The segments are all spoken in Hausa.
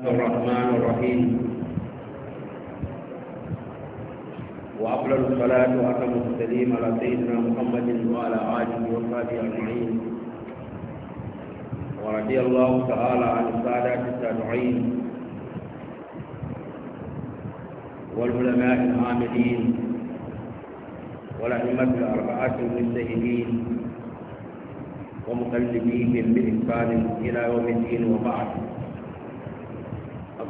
الرحمن الرحيم وأفضل الصلاة وأتم التسليم على سيدنا محمد وعلى آله وصحبه أجمعين ورضي الله تعالى عن السادة التابعين والعلماء العاملين والأئمة الأربعة المجتهدين ومقلديهم بإحسان إلى يوم الدين وبعد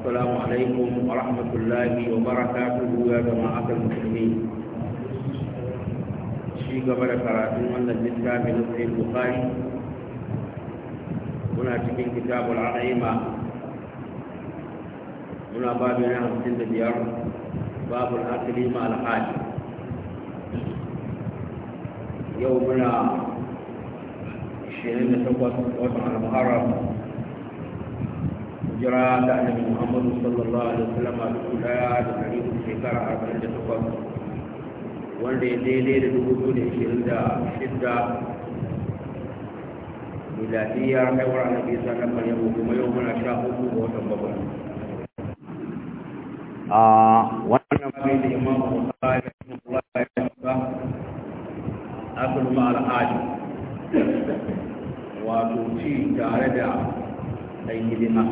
السلام عليكم ورحمة الله وبركاته يا جماعة المسلمين شيء قبل من أن من نصحي البخاري هنا تكين كتاب العقيمة هنا بابنا سند ديار باب الأكل مع الحاج يومنا 28 وطن المحرم hijira da annabi muhammadu sallallahu alaihi wasallam a dubu daya da dari uku shekara arba'in da takwas wanda ya daidai da dubu biyu da ishirin da shidda miladiyya haihuwar annabi sallallahu alaihi wasallam kuma yau muna sha hudu ga watan bakwai a wannan bai da imam bukhari rahimahullah ya tsaka akul ma al-hajj wato ci tare da ɗan hidima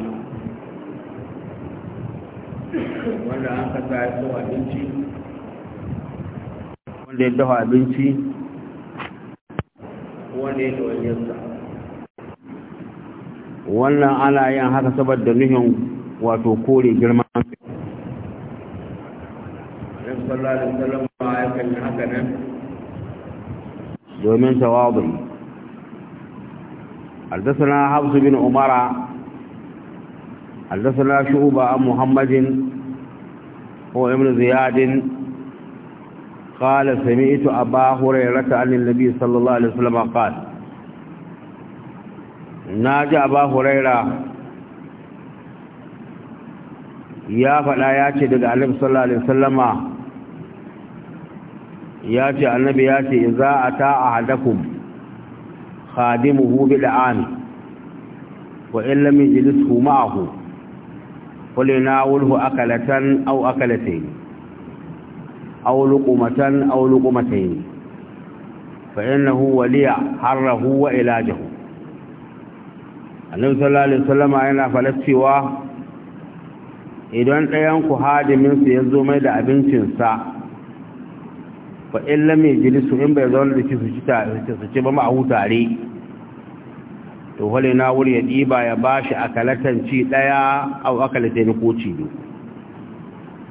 wanda an kasa ya dafa abinci wanda ya dafa abinci wanda ya ɗawainiyarsa wannan ana yin haka saboda nuhin wato kore girman sallallahu alaihi salama ya kalli haka nan domin tawadu حدثنا حفص بن عمر حدثنا شعوبة عن محمد هو ابن زياد قال سمعت أبا هريرة عن النبي صلى الله عليه وسلم قال ناجى أبا هريرة يا فلا ياتي دقى النبي صلى الله عليه وسلم ياتي النبي ياتي إذا أتى أحدكم خادمه بالعام وإن لم يجلسه معه na wulhu akalatan aw akalatayn aw luqumatan aw luqmatayn fa innahu waliya harahu wa ilajahu annabi sallallahu alaihi wasallam yana falastiwa idan dayan ku hadimin su ya mai da abincinsa fa in lam yajlisu in bai zauna da shi su ci ta ci ba ma a hutare to hole na wuri ya ɗiba ya ba shi akalatan ci ɗaya au akalatan ko ci biyu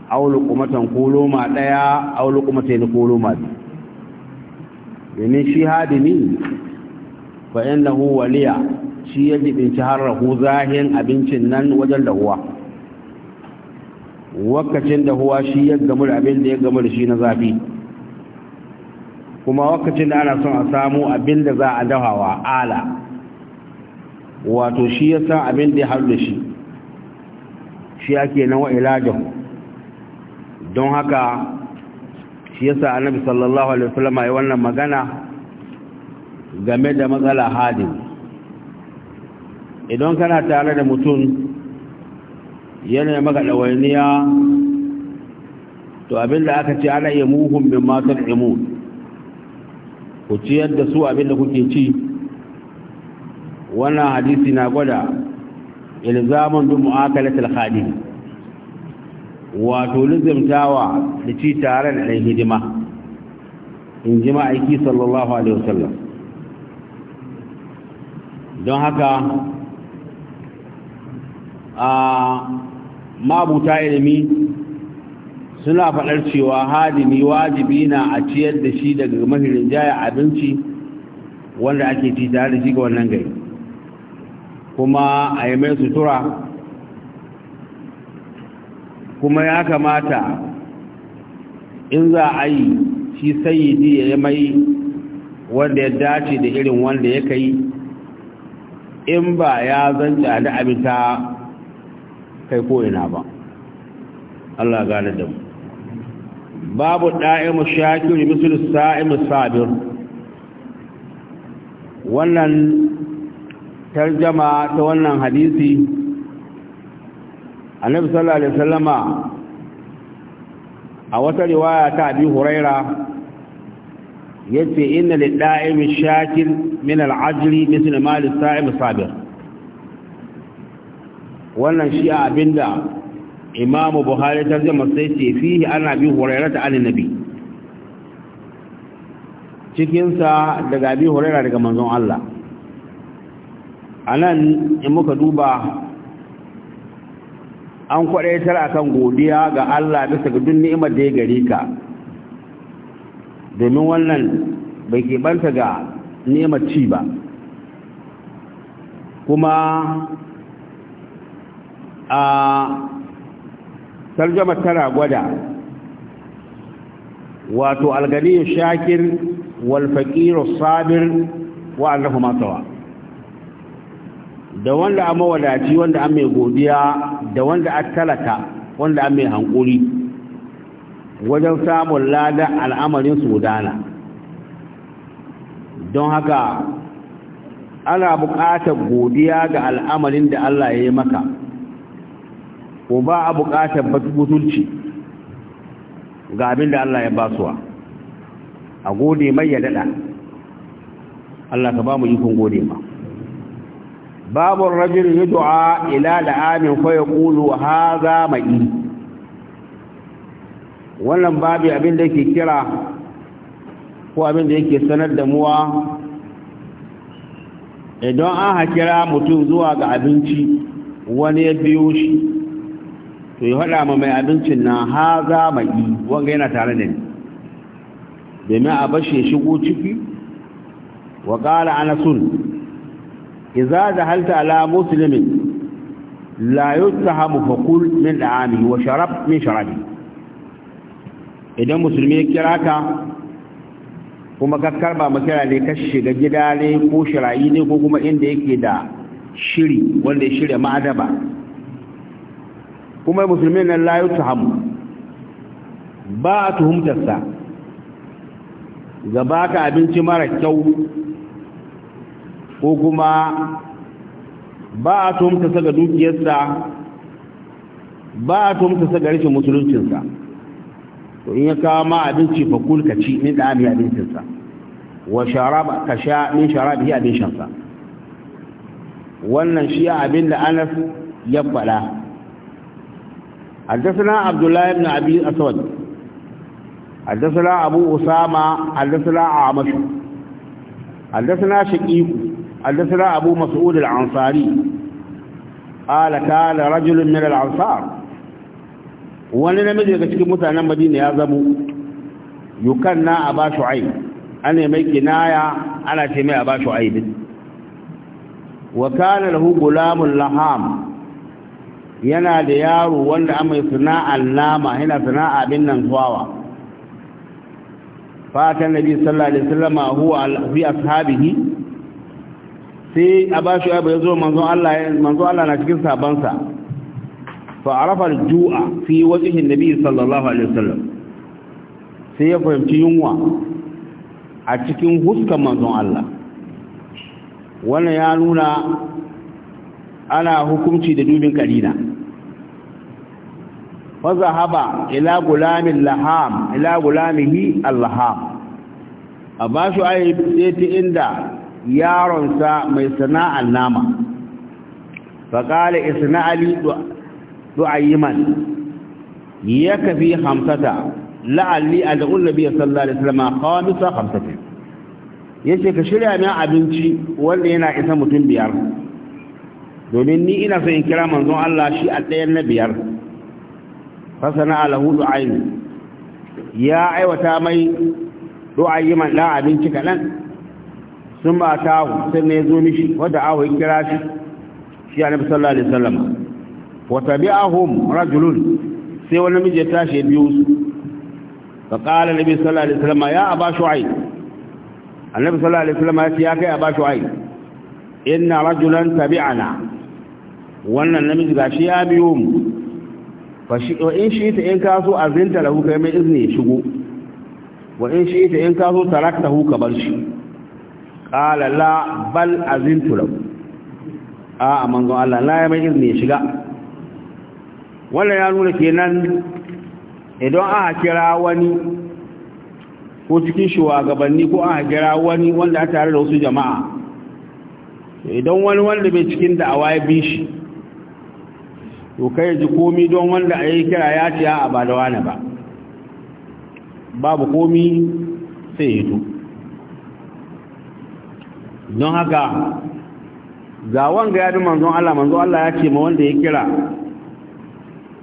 au lukumatan ko loma ɗaya au lukumatan ko loma biyu domin shi hadimi fa innahu waliya shi ya jibinci har rahu zahin abincin nan wajen dahuwa wakacin huwa shi ya gamu da abin da ya gamu da shi na zafi kuma wakacin da ana son a samu abin da za a dahawa ala wato shi ya sa abin da ya haɗu da shi shi ake nan wa'ilajen don haka shi ya sa annabi sallallahu alaihi wasallam ya wannan magana game da matsala hadin idan kana tare da mutum yana maka ɗawainiya to abin da aka ce ana iya muhun bin matar imun ku ciyar da su abin da kuke ci wannan hadisi na gwada ilzamin bin mu'akalatul khadim wato lizimtawa da ci tare da ɗan hidima in ji ma'aiki sallallahu alaihi wasallam don haka a mabuta ilimi suna faɗar cewa hadimi wajibi na a ciyar da shi daga mahirin jaya abinci wanda ake ci tare da shi ga wannan gari kuma a yi mai sutura kuma ya kamata in za a yi shi sayidi ya yi mai wanda ya dace da irin wanda ya kai in ba ya zanta da abita kai ko'ina ba Allah gane da mu babu ɗa'imu shakiri misali sa'imu sabir wannan tarjama ta wannan hadisi annabi sallallahu alaihi wasallama a wata riwaya ta abi huraira yace inna lid-da'imi shakil min al-ajri mithl ma lis-sa'im sabir wannan shi abinda imam buhari tarjama sai ce fihi ana abi huraira ta annabi cikin sa daga abi huraira daga manzon Allah a nan in muka duba an kwadaitar akan godiya ga Allah bisa ga duk ni'imar da ya gare ka domin wannan bai keɓanta ga ni'imar ci ba kuma a tarjama tara gwada wato Algariyar shakir wal faqiru sabir wa annahu ma da wanda a mawadaci wanda an mai godiya da wanda a talata wanda an mai hankuri wajen samun lada al'amarin sudana don haka ana buƙatar godiya ga al'amarin da Allah ya yi maka ko ba a buƙatar batubutunci ga abin da Allah ya basuwa a gode mai ya daɗa Allah ka ba mu ikon gode ma باب الرجل يدعى إلى لعام فيقول هذا مئي wannan babu abin da yake kira ko abin da yake sanar da muwa idan an hakira mutum zuwa ga abinci wani ya biyo shi to ya haɗa ma mai abincin na ha za mai wanga yana tare da ni domin a bashe shigo ciki wa ƙara anasun إذا ذهلت على مسلم لا يتهم فقل من دعامه وشرب من شرابه idan musulmi ya kira ka kuma ka karba makira ne ka shiga gida ne ko shirayi ne ko kuma inda yake da shiri wanda ya shirya ma'adaba kuma musulmi nan la hamu ba a tuhumtarsa gaba ka abinci mara kyau ko kuma ba a tumta saga dukiyarsa ba a tumta saga rashin musuluncinsa to in ya kawo ma abinci fa kul ci min da abincinsa wa sharab ka sha min sharabi abin shansa wannan shi abin da Anas ya faɗa حدثنا عبد الله بن ابي الاسود حدثنا ابو اسامه حدثنا عامش حدثنا شقيق حدثنا ابو مسعود الانصاري قال قال رجل من الانصار wani namiji daga cikin mutanen madina ya zamo yukanna a ba ana mai kinaya ana ce mai a ba din wa kana lahu gulamul laham yana da yaro wanda an mai sana'ar nama yana sana'a bin nan tsawa fatan nabi sallallahu alaihi wasallam huwa fi ashabihi sai a ba shi ya zo manzon Allah manzon Allah na cikin sabansa fa arafa al-ju'a fi wajhi an-nabi sallallahu alaihi wasallam sai ya fahimci yunwa a cikin huskan manzon Allah wannan ya nuna ana hukunci da dubin kalina fa zahaba ila gulamin laham ila gulamihi al-laham abashu ayi sai inda yaronsa mai sana'ar nama faƙali isna ali du'ayyiman ya kafi hamsata la'alli a da'un nabi sallallahu alaihi wasallam khamisa hamsata yace ka shirya min abinci wanda yana isa mutum biyar domin ni ina so in kira manzon Allah shi a ɗayan na biyar fasana alahu du'ayyi ya aiwata mai du'ayyiman da abinci kaɗan sun ba ta hu sai ne zo mishi wadda ahu ya kira shi shi annabi sallallahu alaihi wasallam wa tabi'ahum rajulun sai wani miji ya tashi biyu su fa qala nabi sallallahu alaihi wasallam ya aba shu'ay annabi sallallahu alaihi wasallam ya ce ya kai aba shu'ay inna rajulan tabi'ana wannan namiji gashi ya biyo mu fa shi in shi ta in so azinta lahu kai mai izini ya shigo wa in shi ta in tarakta hu ka bar shi qala la bal azintu lahu a manzo Allah la ya mai izini ya shiga wannan ya nuna kenan idan aka kira wani ko cikin shugabanni ko a kira wani wanda aka tare da wasu jama'a idan wani wanda bai cikin da awaye bi shi to kai ji komi don wanda a yi kira ya ce a ba da wani ba babu komi sai to don haka ga wanga ya bi manzon Allah manzon Allah ya ce ma wanda ya kira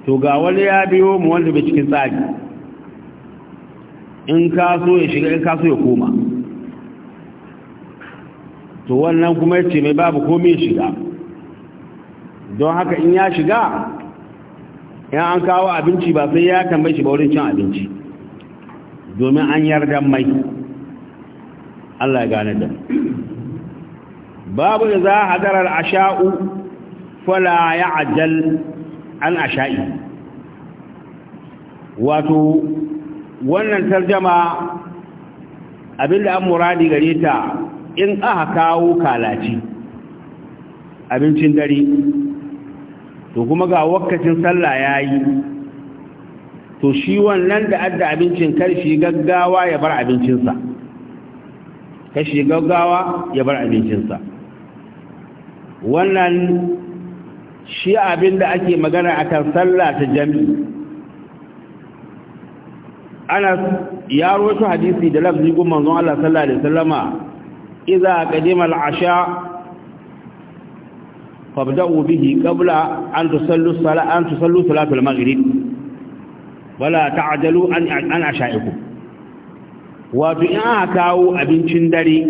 to ga wani ya biyo mu wanda bai cikin tsari in ka so ya shiga in ka so ya koma to wannan kuma ya ce mai babu komai shiga don haka in ya shiga ya an kawo abinci ba sai ya tambayi shi ba wurin cin abinci domin an yarda mai Allah ya gane da mu babu da za a sha'u, fala ya ajal an asha'i wato wannan tarjama abinda an muradi gare ta in aka kawo kalaci abincin dare to kuma ga wakacin sallah yayi to shi wannan da adda abincin karshi gaggawa ya bar abincinsa kashi gaggawa ya bar abincinsa wannan shi abin da ake magana kan sallah ta Jami. anas ya rawaito hadisi da lafzi gun manzon Allah sallallahu alaihi wasallama idza qadima al-asha fabda'u bihi qabla an tusallu salat an tusallu salat al-maghrib wala ta'jalu an an asha'ikum wato bi'a kawo abincin dare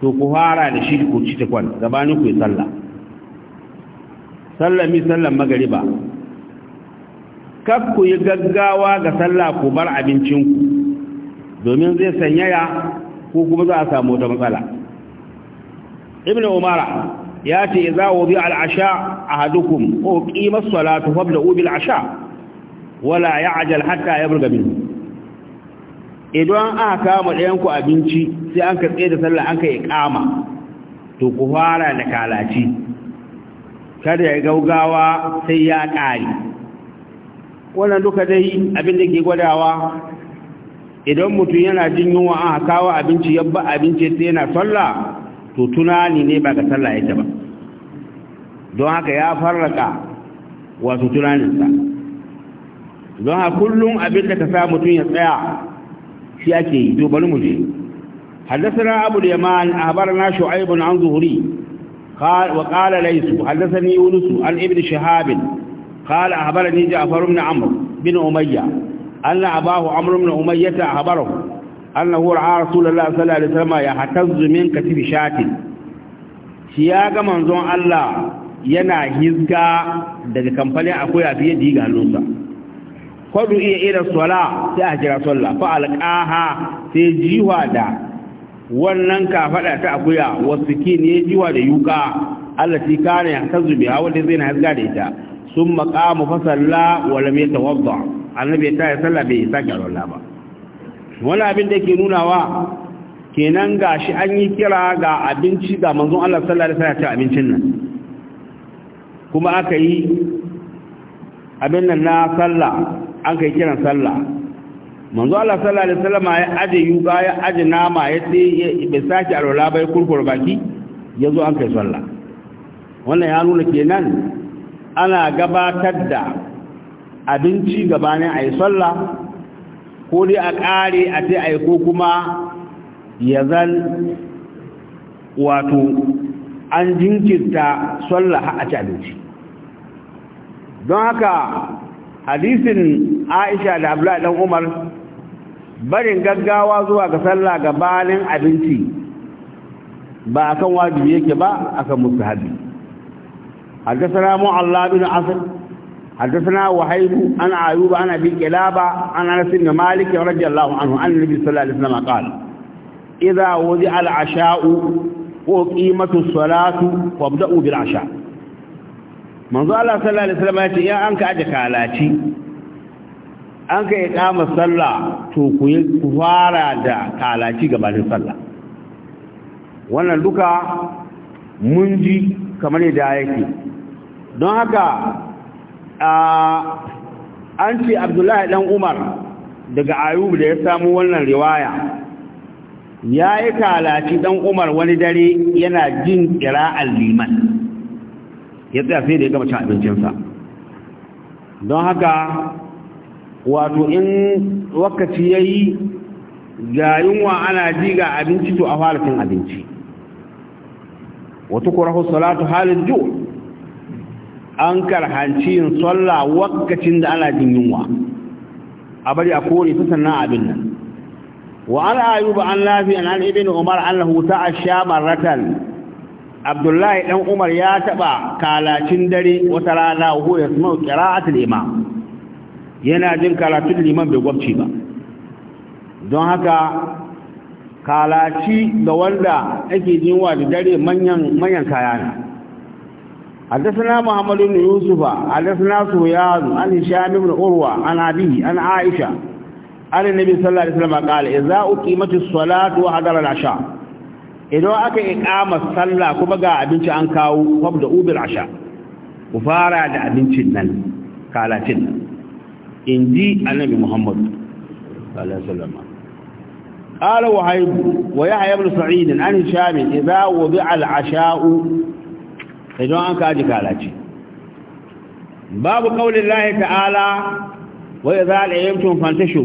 to ku fara da shi ku ci tukwan gabanin ku yi sallah sallami sallan magariba kaf ku yi gaggawa ga sallah ku bar abincin ku, domin zai sanyaya ko kuma za a samu wata matsala ibn umara ya ce za wa bi al'asha a hadukum ko ƙimar salatu fabla ubi al'asha wala ya ajal hatta ya burga minhu idan aka kama ɗayanku abinci sai an ka tsaye da sallah an ka iqama to ku fara da kalaci kada ya gaugawa sai ya ƙare wannan duka dai abin da ke gwadawa idan mutum yana jin yunwa aka kawo abinci yabba abinci sai yana sallah to tunani ne ba ga sallah yake ba don haka ya farraka wato tunaninsa don haka kullum abin da ka sa mutum ya tsaya shi ake yi to bari mu je حدثنا أبو اليمان أخبرنا شعيب عن ظهري قال وقال ليس حدثني يونس عن ابن شهاب قال أخبرني جعفر بن عمرو بن أمية أن أباه عمرو بن أمية أخبره أنه رأى رسول الله صلى الله عليه وسلم يحتز من كتف شاة سياق منظوم الله yana hizga daga kamfanin akwai a fiye da hannunsa kwadu iya irin sola sai a jira sola fa alƙaha sai jiwa da wannan kafaɗa ta akuya wasu ki ne jiwa da yuka Allah ti kana ya tazu bi hawa da zai na hasga da ita sun maƙamu fa salla wa lam yatawadda annabi ta ya salla bai sake rola ba wani abin da ke nunawa kenan gashi an yi kira ga abinci ga manzon Allah sallallahu alaihi wasallam ta abincin nan kuma aka yi abin nan na sallah an kai kiran sallah manzo Allah sallallahu alaihi wasallam ya aje yuga ya aje nama ya ce bai saki alwala bai kurkur baki yazo an kai sallah wannan ya nuna kenan ana gabatar da abinci gabanin ayi sallah ko dai a kare a ce ayi ko kuma ya wato an jinkirta sallah a ci abinci don haka hadisin aisha da abdullahi dan umar barin gaggawa zuwa ga sallah gabanin abinci ba akan wajibi yake ba akan mustahabi حدثنا معلى بن عاصم حدثنا وحيد عن ايوب عن ابي قلابه عن انس بن مالك رضي الله عنه عن النبي صلى الله عليه وسلم قال اذا وضع العشاء وقيمه الصلاه فابدؤوا بالعشاء manzo Allah sallallahu alaihi wasallam ya ce ya an ka aje kalaci an ka yi kama sallah to ku yi fara da kalaci gabanin sallah wannan duka mun ji kamar yadda yake don haka an ce abdullahi dan umar daga ayub da ya samu wannan riwaya ya yi kalaci dan umar wani dare yana jin al liman ya tsaya sai da ya gama cin abincinsa don haka wato in wakaci ya yi ga yunwa ana ji ga abinci to a fara cin abinci wata kurahu salatu halin ju an karhanci yin tsalla wakacin da ana jin yunwa a bari a kore ta sannan abin nan wa an ayuba an lafi an umar ibn umar a sha marratan abdullahi Ɗan umar ya taɓa kalacin dare wata rana ko ya sama qira'atul imam yana jin karatun liman bai gwabci ba don haka kalaci da wanda ake jin wa da dare manyan manyan kaya ne حدثنا محمد بن يوسف حدثنا سوياد عن هشام بن عروة عن أبيه عن عائشة عن النبي صلى الله عليه وسلم قال إذا أقيمت الصلاة وحضر العشاء idan aka iqama sallah kuma ga abinci an kawo fabda ubil asha ku fara da abincin nan kalatin nan inji annabi muhammad sallallahu alaihi wasallam wa وهيب ويحيى da سعيد Shami هشام اذا Al العشاء idan an kaji kalaci babu qaulin lahi ta'ala wa idza al'aytum fantashu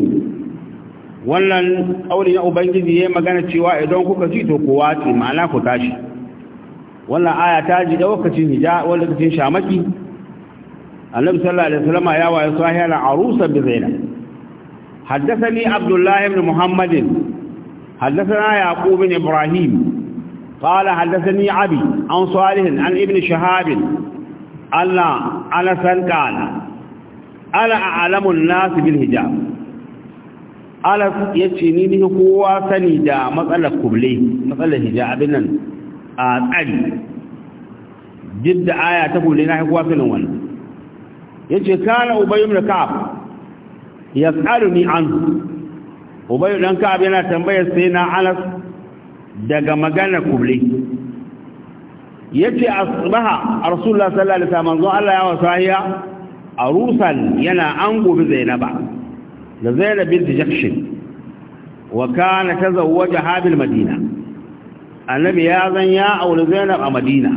wannan ƙauri na ubangiji ya magana cewa idan kuka ji to kowa ce ma'ana ku tashi wannan aya ta ji da lokacin hija wani lokacin shamaki annabi sallallahu alaihi wasallam ya wayo sahihan arusa bi zaina. haddathani abdullah ibn muhammad haddathana yaqub ibn ibrahim qala haddathani abi an salih an ibn shahab alla ala san qala ala a'lamu an-nas bil hijab alas ya ce ni ne kowa sani da matsalar kuble matsalar hijab abin nan a tsari duk da aya ta kuble na kowa sanin wani. ya ce kana ubayu da ka'ab ya tsari ni an ubayu dan ka'ab yana tambayar sai na alas daga maganar kuble ya ce a tsibaha a rasulullah sallallahu alaihi zuwa Allah ya wasahiya a rusan yana an gobe zai ba da zainab bint Wakana wa kana tazawwaja habil madina annabi ya zan ya aure zainab a madina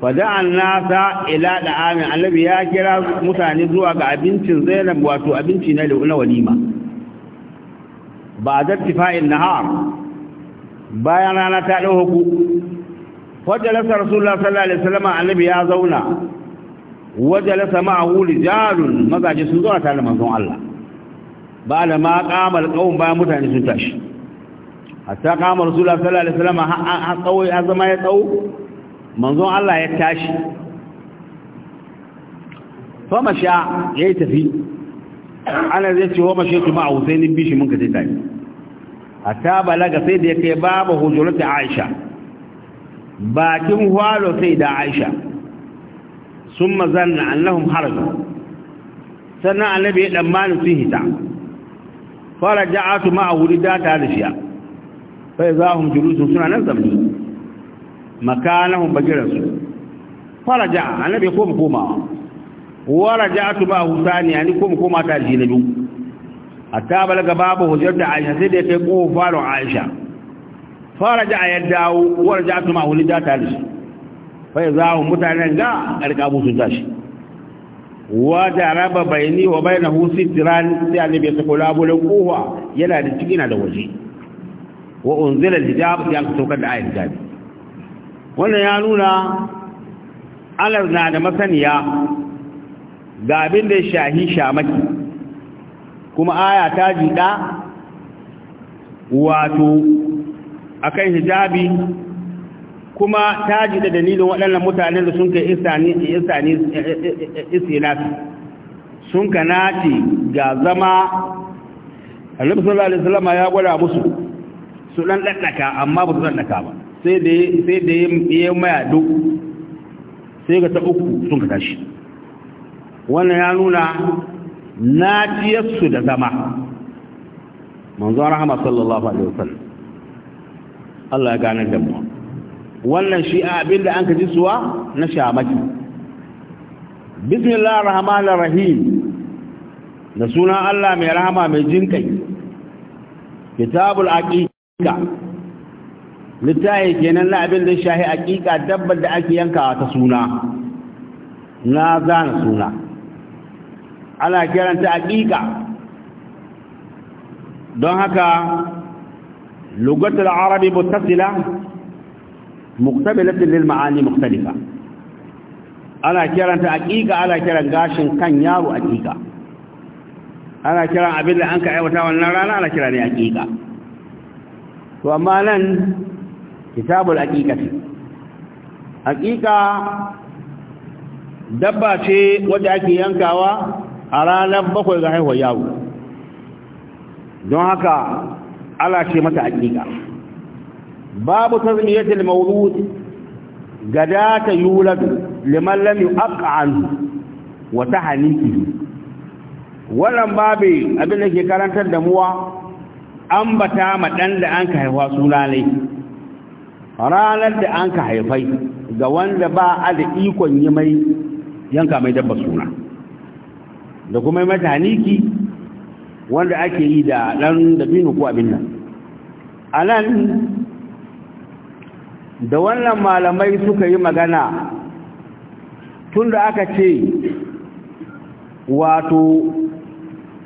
fada'an nasa ila da'ami annabi ya kira mutane zuwa ga abincin zainab wato abinci na na walima ba da tifa'in nahar bayan rana ta dau huku fajalasa rasulullah sallallahu alaihi wasallam annabi ya zauna wajalasa ma'ahu rijalun mazaje sun zo tare da manzon Allah ba da ma kamar kawun bayan mutane sun tashi hatta kamar rasulullahi sallallahu alaihi wasallam har tsawo ya zama ya tsawo manzon Allah ya tashi Fama sha ya yi tafi ana zai ce wa mashe kuma a Husainin bishi mun ka sai tafi hatta balaga sai da ya kai babu hujurati Aisha bakin walo sai da Aisha summa zanna annahun haraju sannan annabi ya dan manu sun hita Fara faraja'atu ma'ahu ridda ta da shiya fa zahum julusun suna nan zamni makanahum bagiran fara ja'a annabi ko koma wa wuta ne a ni ko koma ta da a hatta gaba babu hujjar da Aisha sai da ya kai kowa da Aisha fara ja'a ya dawo wa raja'atu ma'ahu ridda ta da shi fa hun mutanen ga karkabu sun tashi wa jaraba baini wa bainahu sitran sai annabi ya kula bulan kowa yana da cikina da waje wa unzila alhijab ya saukar da ayatul jabi. wannan ya nuna alar na da masaniya ga abin da shahi shamaki kuma aya ta jida wato akan hijabi kuma ta ji da dalilin waɗannan mutanen da sun kai istinafi sun ka nace ga zama annabi sallallahu alaihi Salama ya gwada musu su dan daddaka amma ba su daddaka ba sai da ya maya duk sai ga ta uku sun ka tashi wannan ya nuna naciyarsu da zama manzon rahama sallallahu alaihi wasallam Allah ya gane da mu wannan shi a abin da an ka ji suwa na shamaki bismillah rahman rahim da suna Allah mai rahama mai jinkai kitabul aqiqa littafi kenan na abin da shahi aqiqa dabbar da ake yankawa ta suna na zana suna ana kiranta aqiqa don haka lugatul arabi muttasila muqtabilatin lil ma'ani mukhtalifa ana kiranta aqiqa ana kiran gashin kan yaro aqiqa ana kiran abin da an ka aiwata wannan rana ana kira ne aqiqa to amma nan kitabul aqiqati aqiqa dabba ce wadda ake yankawa a ranar bakwai ga haihuwar yaro don haka ala ce mata aqiqa babu tazmiyatil mawlud gadata yulad liman lam yuqa'an wa tahniki wannan babu abin da ke karantar da muwa ambata ma dan da an ka haifa sunanai ranar da an ka haifai ga wanda ba a da ikon yi mai yanka mai dabba suna da kuma yi mata haniki wanda ake yi da ɗan da binu ko abin nan a nan da wannan malamai suka yi magana tunda aka ce wato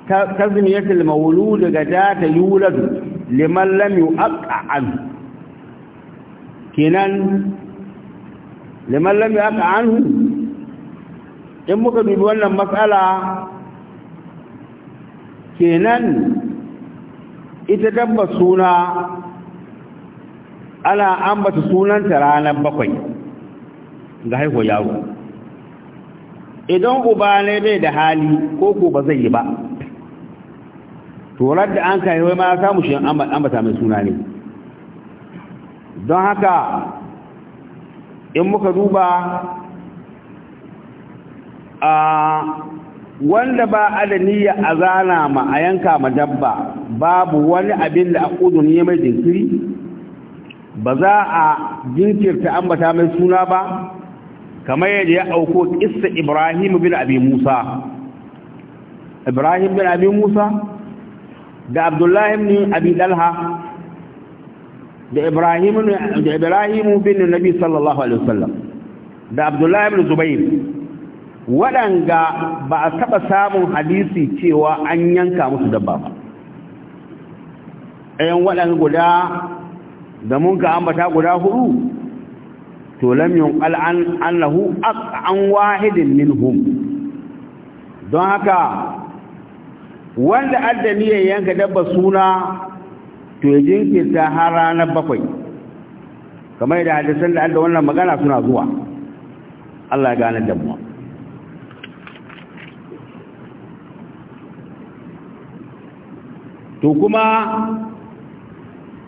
tazmiyatul mawlud daga data yuladu liman lam an kenan liman lam an? in muka dubi wannan matsala kenan ita dabba suna ana ambata sunanta ranar bakwai ga haihuwa yaro idan uba ne bai da hali ko ko ba zai yi ba turar da an kai ma ya samu shi ambata mai suna ne don haka in muka duba a wanda ba adaniya a zana ma a yanka ma dabba babu wani abin da a ƙudu ne mai jinkiri ba za a jinkirta ambata mai suna ba kamar yadda ya auko kissa Ibrahim bin Abi Musa Ibrahim bin Abi Musa da Abdullahi bin Abi Dalha da Ibrahim bin Nabi sallallahu alaihi wasallam da Abdullahi bin Zubair waɗanga ba a taɓa samun hadisi cewa an yanka musu dabba ba ɗayan waɗanda guda da mun ka ambata guda hudu to lam yunqal an annahu aqan wahidin minhum don haka wanda ya yanka dabba suna to ya jinkirta har na bakwai kamar da hadisan da Allah wannan magana suna zuwa Allah ya gane da mu to kuma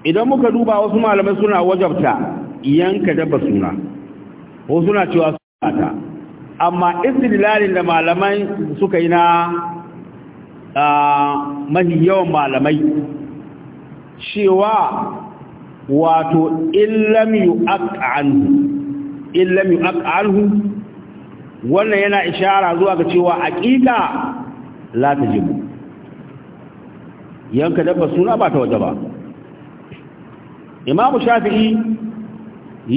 idan muka duba wasu malamai suna wajabta yanka dabba suna ko suna cewa suna ta amma istidlalin da malamai suka yi na mahi yawan malamai cewa wato illam yu'aqqanhu illam yu'aqqanhu wannan yana ishara zuwa ga cewa aqida la tajibu yanka dabba suna ba ta wajaba ba imamu shafi'i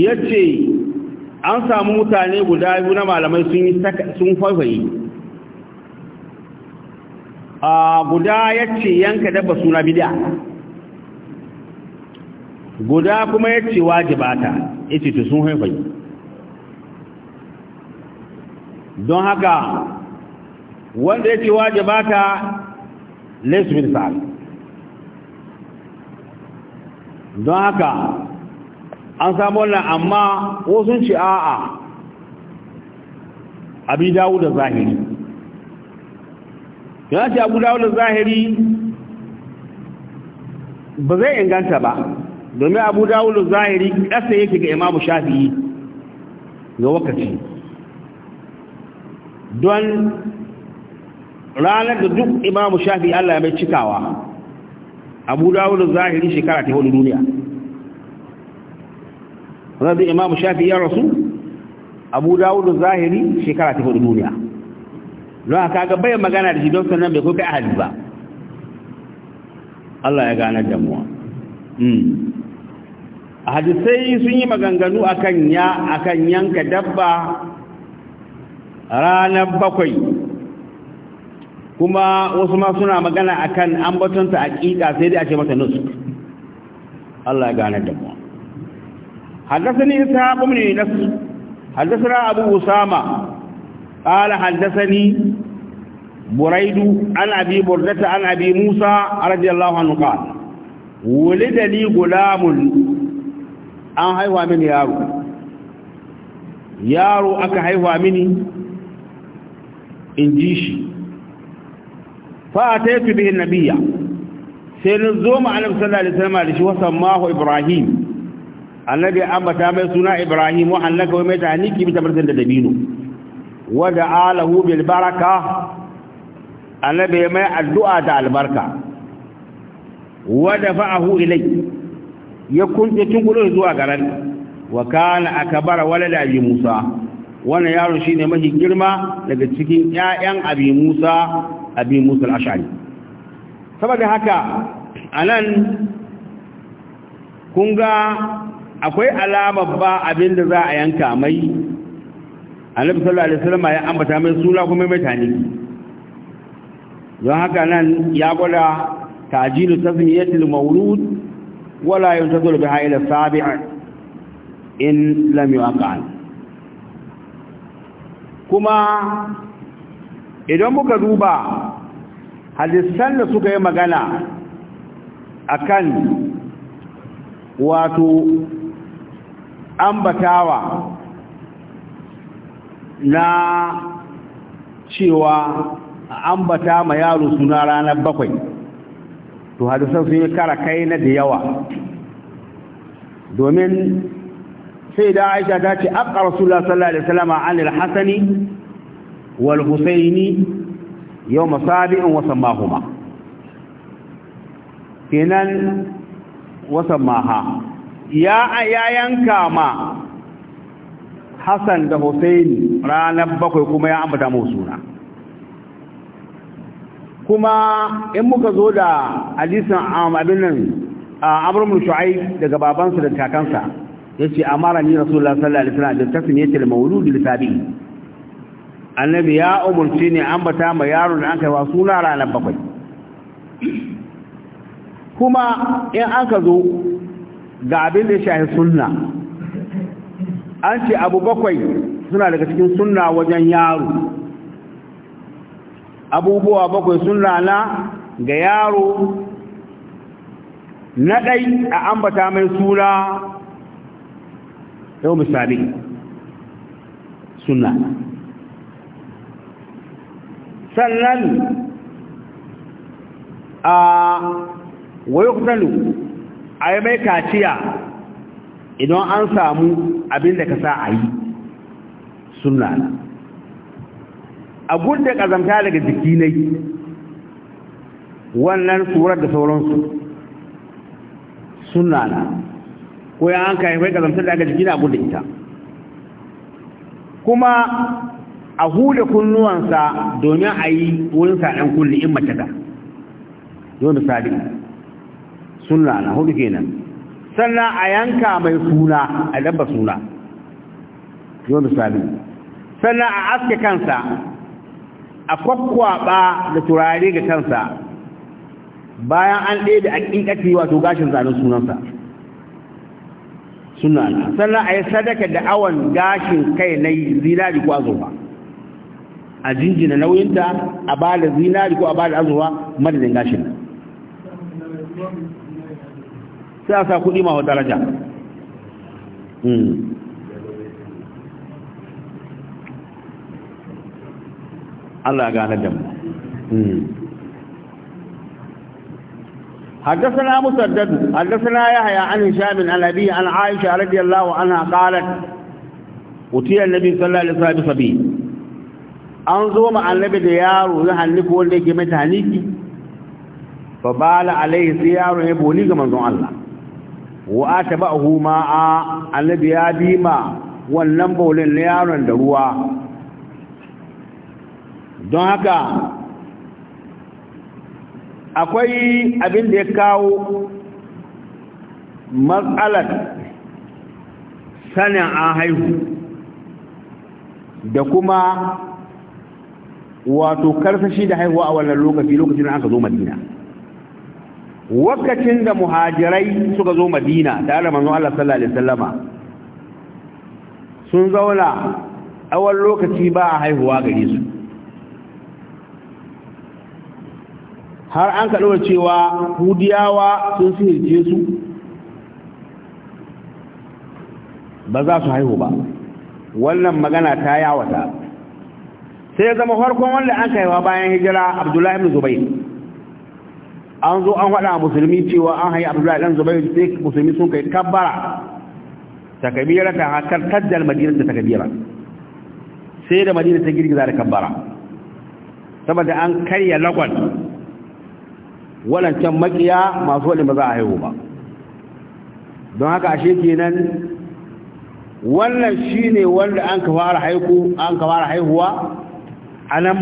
ya ce an samu mutane guda biyu na malamai sun faifayi a guda ya ce yanka dabba suna bida guda kuma ya ce wajibata ita ta sun haifayi don haka wanda ya ce wajibata laisu bin sa'adu don haka an samu wannan amma sun ce a'a abi dawo da zahiri yana ce abu dawo da zahiri ba zai inganta ba domin abu dawo da zahiri ƙasa yake ga imamu shafi'i ga wakaci don ranar da duk imamu shafi'i allah ya mai cikawa abu dawud zahiri shekara ta hudu duniya wanda imam shafi ya rasu abu dawud zahiri shekara ta hudu duniya don haka ga bayan magana da shi don sannan bai kai ahadi ba Allah ya gane da mu hmm. a hadisai sun yi maganganu akan ya akan yanka dabba ranar bakwai kuma wasu ma suna magana akan ambatonta aqiqa sai dai ake mata nusuk Allah ya gane da mu haddathani sahabu min nafsi haddathana abu usama qala haddathani buraidu an abi burdata an abi musa radiyallahu anhu qala wulida li gulamun an haihuwa mini yaro yaro aka haihuwa mini in ji shi fa ataitu bihi nabiyya sai na zo ma annabi sallallahu alaihi wasallam da shi wasan mahu ibrahim annabi ambata mai suna ibrahim wa annaka mai ta niki bi tabarkin da dabino wa da'alahu bil baraka annabi mai addu'a da albarka wa dafa'ahu ilai ya kunce tungulo zuwa garan akbara walada musa wannan yaro shine mahi girma daga cikin ƴaƴan abi musa abi musul ashari saboda haka a nan kun akwai alamar ba abin da za a yanka mai annabi sallallahu alaihi wasallam ya ambata mai suna kuma mai taniki don haka nan ya gwada tajilu tasmiyatul mawlud wala yuntazir biha ila sabi' in lam yuqal kuma idan muka duba hadisan da suka yi magana akan wato ambatawa na cewa ambata ma yaro suna ranar bakwai to hadisan sun yi kara kai na da yawa domin sai da aisha ta ce aka rasulullah sallallahu alaihi wasallam an hasani wal husaini yau masabi'in wasan mahuma kenan wasan maha ya yanka ma hassan da husaini ranar bakwai kuma ya ambata mu suna kuma in muka zo da hadisin um, abin nan amurmul shu'ai daga babansa da kakansa yace amara ni rasulullahi sallallahu alaihi wasallam da tasmiyatu al-mawlud li tabi'i annabi ya umurci ne an bata ma yaro da an kaiwa suna ranar bakwai kuma in aka zo ga abin da shahi sunna an ce abu bakwai suna daga cikin sunna wajen yaro abubuwa bakwai sunna na ga yaro na ɗai a ambata mai suna yau misali sunna sannan a wayuktalu a yi mai kaciya idan an samu abin da ka sa a yi suna na a gudda ƙazamta daga jiki ne wannan tsoron da sauransu suna na ko ya an kayan mai ƙazamta daga jiki na gudda ita kuma a hule kunnuwansa domin a yi wurin saɗan kulli in mace da yau misali suna na hudu kenan sannan a yanka mai suna a dabba suna yau misali sannan a aske kansa a kwakwaba da turare ga kansa bayan an ɗaya da aƙiƙaƙi wato gashin zanen sunansa suna sannan a yi sadaka da awon gashin kai na yi zinari ko ba a jinjina nauyinta a ba da zinari ko a ba da azurwa madadin gashin sai a sa kuɗi wata raja hmm. Allah gane da mu hmm. حدثنا مسدد حدثنا يحيى عن هشام عن ابي عن عائشه رضي الله عنها قالت اتي النبي صلى الله عليه وسلم an zo ma annabi da yaro ya ko wanda yake mai taniki fa bala alaihi sai yaro ya boli ga manzon Allah wa atabahu ma annabi ya bima wannan bolin na yaron da ruwa don haka akwai abin da ya kawo matsalar sanin an haihu da kuma wato shi da haihuwa a wannan lokaci lokacin da aka zo madina wakacin da muhajirai suka zo madina tare da manzon Allah sallallahu alaihi wasallama sun zauna awal lokaci ba a haihuwa gare su har an dora cewa hudiyawa sun sirje su ba za su haihu ba wannan magana ta yawata sai zama farkon wanda an wa bayan hijira abdullahi ibn zubair an zo an faɗa musulmi cewa an hayi abdullahi ibn zubair sai musulmi sun kai kabbara takabira ta hakar tajjal madina da takabira sai da madina ta girgiza da kabbara saboda an karya lagon walancan makiya masu wani ba za a haihu ba don haka ashe kenan wannan shine wanda an ka fara haiku an ka fara haihuwa a nan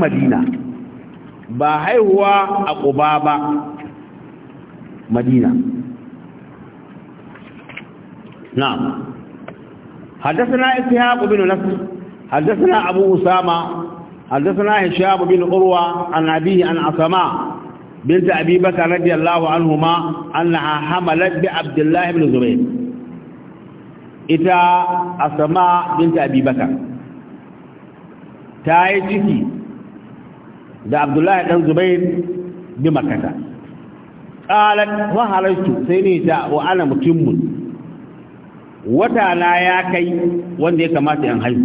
ba haihuwa a ƙuba ba madina na haddasana isi ya ƙubi nasu haddasana abu usama haddasana ya sha ƙubi na ƙurwa a nabihi an asama binta abi baka radiyallahu anhuma an hamalat bi abdullahi bin zubair ita asama binta abi ta yi ciki da abdullahi ɗan zubair bi makata ƙalar mahalarci sai ne ta wa ana mutimmun wata na ya kai wanda ya kamata 'yan haihu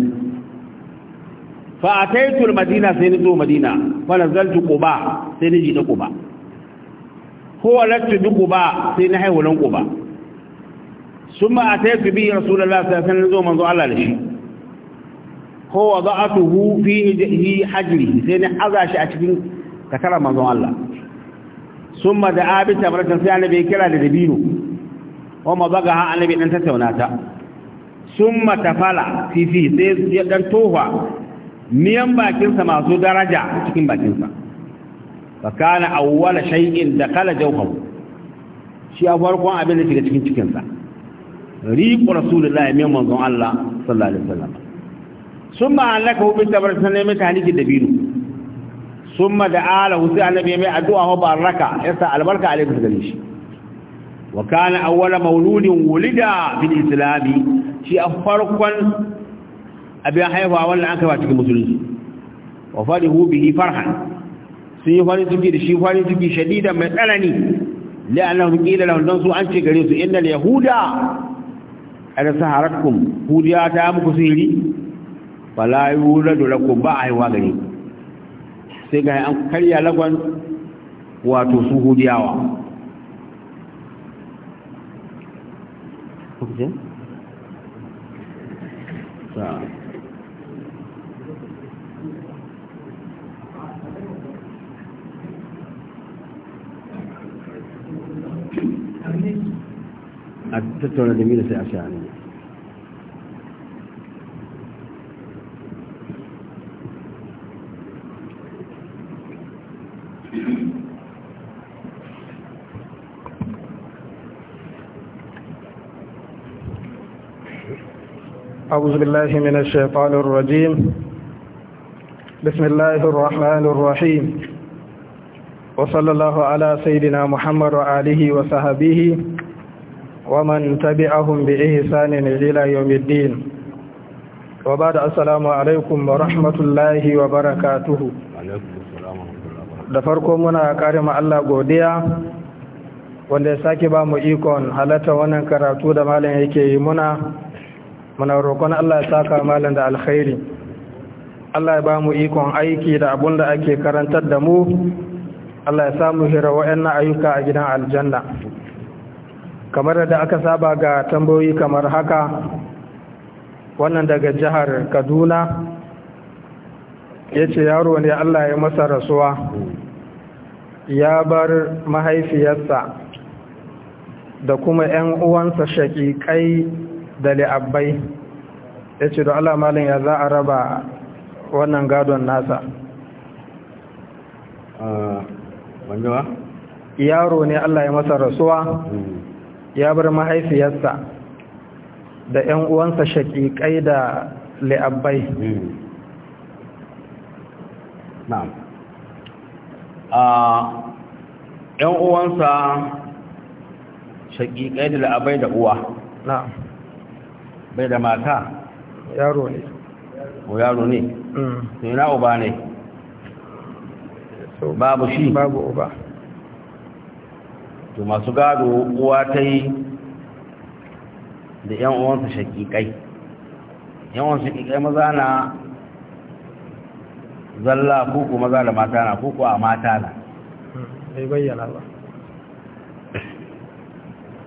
fa a ataitu madina sai ni zo madina fa zalci ƙoba sai ni ji na quba huwa latu ji ƙoba sai ni haihu lan quba summa ataitu bi biyu rasulallah sai wasallam zo manzo Allah da shi ko wa za'atuhu fi hajri sai na aza shi a cikin katarar manzon Allah summa da abi tabaratan sai annabi kira da dabino wa mabagaha annabi dan tattauna ta summa tafala fi fi sai ya ɗan tofa miyan bakinsa masu daraja cikin bakinsa fa kana awwala shay'in kala jawfahu shi a farkon abin da shiga cikin cikinsa riqu rasulullahi min manzon Allah sallallahu alaihi wasallam sun ma'allaka hukun tabar sannan mai taniki da biyu sun ma da ala hutu annabi mai addu'a wa baraka yasa albarka alaihi gani shi wa kana awwala mauludin wulida bin islami shi a farkon abin haihuwa wannan an kawo cikin musulunci wa farihu bihi farhan sun yi farin ciki da shi farin ciki shadidan mai tsanani la'annahum qila lahum dan su an ce gare su innal yahuda ada saharatkum hudiya ta muku sihiri fala yuladu lakum ba wa gare sai ga an karya lagon wato su hudiyawa a tattauna da mila sai a sha'ani أعوذ بالله من الشيطان الرجيم بسم الله الرحمن الرحيم وصلى الله على سيدنا محمد وآله وصحبه ومن تبعهم بإحسان إلى يوم الدين وبعد السلام عليكم ورحمة الله وبركاته da farko muna kare ma Allah godiya wanda ya sake ba mu ikon halatta wannan karatu da malam yake yi muna muna roƙon Allah ya saka malam da alkhairi Allah ya ba mu ikon aiki da abun da ake karantar da mu Allah ya samu hira wa'annan ayyuka a gidan aljanna kamar da aka saba ga tambayoyi kamar haka wannan daga jihar Kaduna ya ce yaro ne Allah ya masa rasuwa ya bar mahaifiyarsa da kuma 'yan uwansa shaƙiƙai da li'abbai ya ce da Allah malin ya za a raba wannan gadon nasa yaro ne Allah ya masa rasuwa hmm. ya bar mahaifiyarsa da 'yan uwansa shaƙiƙai da li'abbai hmm. na'am ‘yan uwansa shaƙiƙai da liabbai da uwa na'am bai da mata yaro ne o yaro ne sai mm. na uba ne babu shi babu uba to masu gado uwa ta yi da yan uwansa shakikai yan uwansu shakikai maza na zalla kuku maza da mata na kuku a mata na mm, bai bayyana ba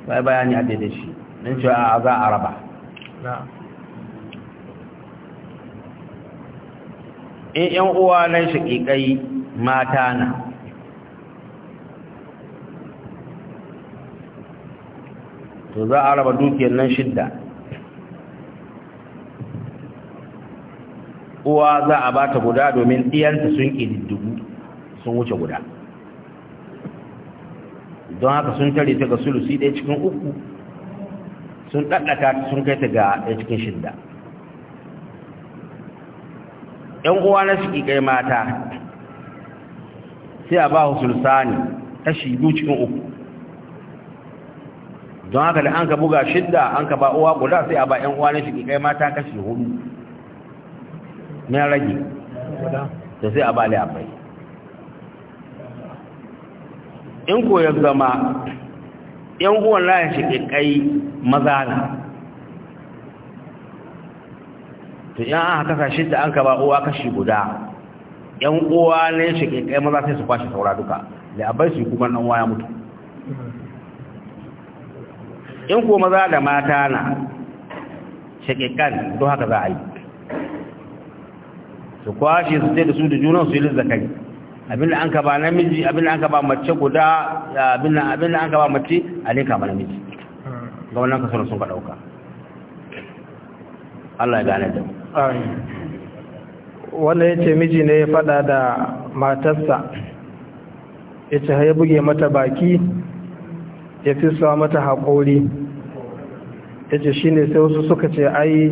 bai bayani a daidai shi don a za a raba in eh, yan uwa na shaƙiƙai mata na to za a raba dukiyar nan shidda uwa za a bata guda domin ɗiyanta sun ƙididdigu sun wuce guda don haka sun tare ta ga sulusi ɗaya cikin uku sun ɗaɗɗaka sun kai ta ga ɗaya cikin shidda ‘yan uwa na suke kai mata sai a ba husulsani kashi biyu cikin uku don haka da an ka buga shidda an ka ba uwa guda sai a ba ‘yan uwa na suke kai mata kashi hudu na rage da sai a ba labai in koyar zama yan uwan shiga kai maza na to yan an haka shi da an ba uwa kashi guda yan uwa ne kai maza sai su kwashe saura duka da abai su kuma nan waya mutu in ko maza da mata na kan, don haka za a yi su kwashe su sai da su da junan su yi zakari abinda an ka ba namiji abinda an ka ba mace guda abinda abinda an ka ba mace alika ba namiji ga wannan kasar sun ka dauka Allah ya gane da mu wanda ya ce miji ne ya fada da matarsa ya ce ya buge mata baki ya fi suwa mata haƙori ya ce shi ne sai wasu suka ce ai